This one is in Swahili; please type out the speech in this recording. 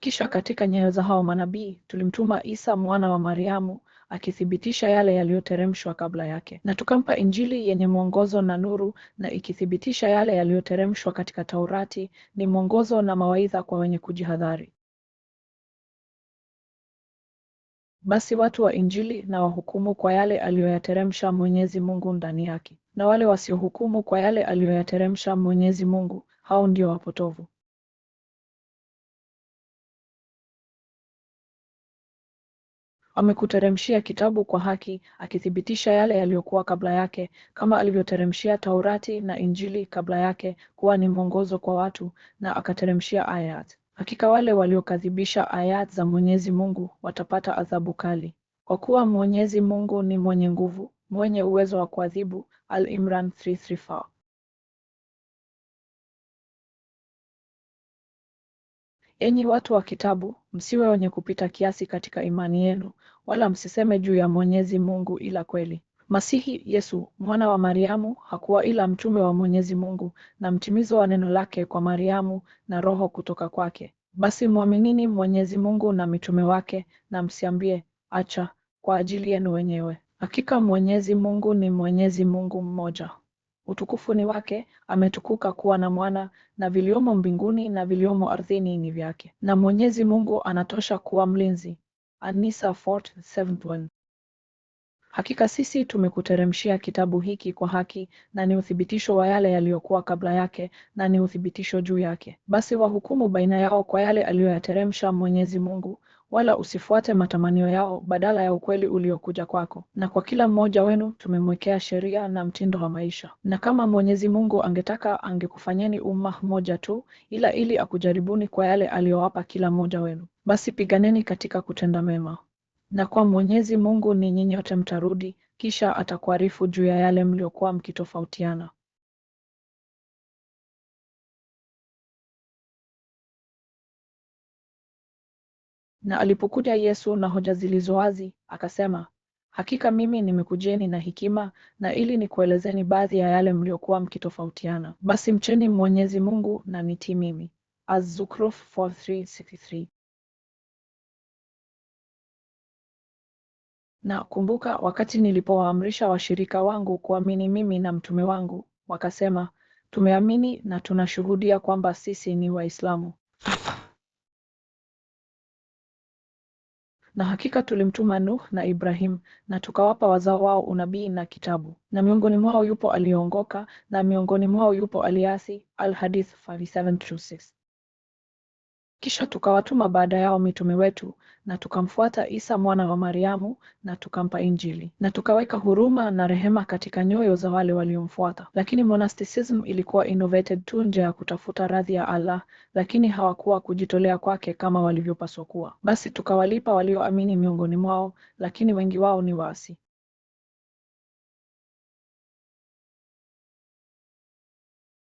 Kisha katika nyayo za hao manabii tulimtuma Isa mwana wa Mariamu akithibitisha yale yaliyoteremshwa kabla yake, na tukampa Injili yenye mwongozo na nuru, na ikithibitisha yale yaliyoteremshwa katika Taurati, ni mwongozo na mawaidha kwa wenye kujihadhari. Basi watu wa Injili na wahukumu kwa yale aliyoyateremsha Mwenyezi Mungu ndani yake, na wale wasiohukumu kwa yale aliyoyateremsha Mwenyezi Mungu, hao ndio wapotovu. Amekuteremshia kitabu kwa haki, akithibitisha yale yaliyokuwa kabla yake, kama alivyoteremshia Taurati na Injili kabla yake kuwa ni mwongozo kwa watu, na akateremshia Ayat. Hakika wale waliokadhibisha Ayat za Mwenyezi Mungu watapata adhabu kali. Kwa kuwa Mwenyezi Mungu ni mwenye nguvu, mwenye uwezo wa kuadhibu. Al-Imran 334 Enyi watu wa Kitabu, msiwe wenye kupita kiasi katika imani yenu, wala msiseme juu ya Mwenyezi Mungu ila kweli. Masihi Yesu mwana wa Mariamu hakuwa ila mtume wa Mwenyezi Mungu na mtimizo wa neno lake kwa Mariamu na Roho kutoka kwake. Basi mwaminini Mwenyezi Mungu na mitume wake, na msiambie acha, kwa ajili yenu wenyewe. Hakika Mwenyezi Mungu ni Mwenyezi Mungu mmoja utukufu ni wake, ametukuka kuwa na mwana, na viliomo mbinguni na viliomo ardhini ni vyake, na Mwenyezi Mungu anatosha kuwa mlinzi. Anisa 4:7-1. Hakika sisi tumekuteremshia kitabu hiki kwa haki, na ni uthibitisho wa yale yaliyokuwa kabla yake, na ni uthibitisho juu yake. Basi wahukumu baina yao kwa yale aliyoyateremsha Mwenyezi Mungu, wala usifuate matamanio yao badala ya ukweli uliokuja kwako. Na kwa kila mmoja wenu tumemwekea sheria na mtindo wa maisha. Na kama Mwenyezi Mungu angetaka angekufanyeni umma moja tu, ila ili akujaribuni kwa yale aliyowapa kila mmoja wenu. Basi piganeni katika kutenda mema, na kwa Mwenyezi Mungu ninyi nyote mtarudi, kisha atakuarifu juu ya yale mliokuwa mkitofautiana. Na alipokuja Yesu na hoja zilizo wazi, akasema, Hakika mimi nimekujeni na hekima na ili nikuelezeni baadhi ya yale mliokuwa mkitofautiana. Basi mcheni Mwenyezi Mungu na nitii mimi. Az-Zukhruf 43:63. Na kumbuka wakati nilipowaamrisha washirika wangu kuamini mimi na mtume wangu, wakasema, tumeamini na tunashuhudia kwamba sisi ni Waislamu. Na hakika tulimtuma Nuh na Ibrahim na tukawapa wazao wao unabii na kitabu, na miongoni mwao yupo aliyeongoka, na miongoni mwao yupo aliasi. Al-Hadith 5726 kisha tukawatuma baada yao mitume wetu, na tukamfuata Isa mwana wa Mariamu, na tukampa Injili, na tukaweka huruma na rehema katika nyoyo za wale waliomfuata. Lakini monasticism ilikuwa innovated tu nje ya kutafuta radhi ya Allah, lakini hawakuwa kujitolea kwake kama walivyopaswa kuwa. Basi tukawalipa walioamini miongoni mwao, lakini wengi wao ni waasi.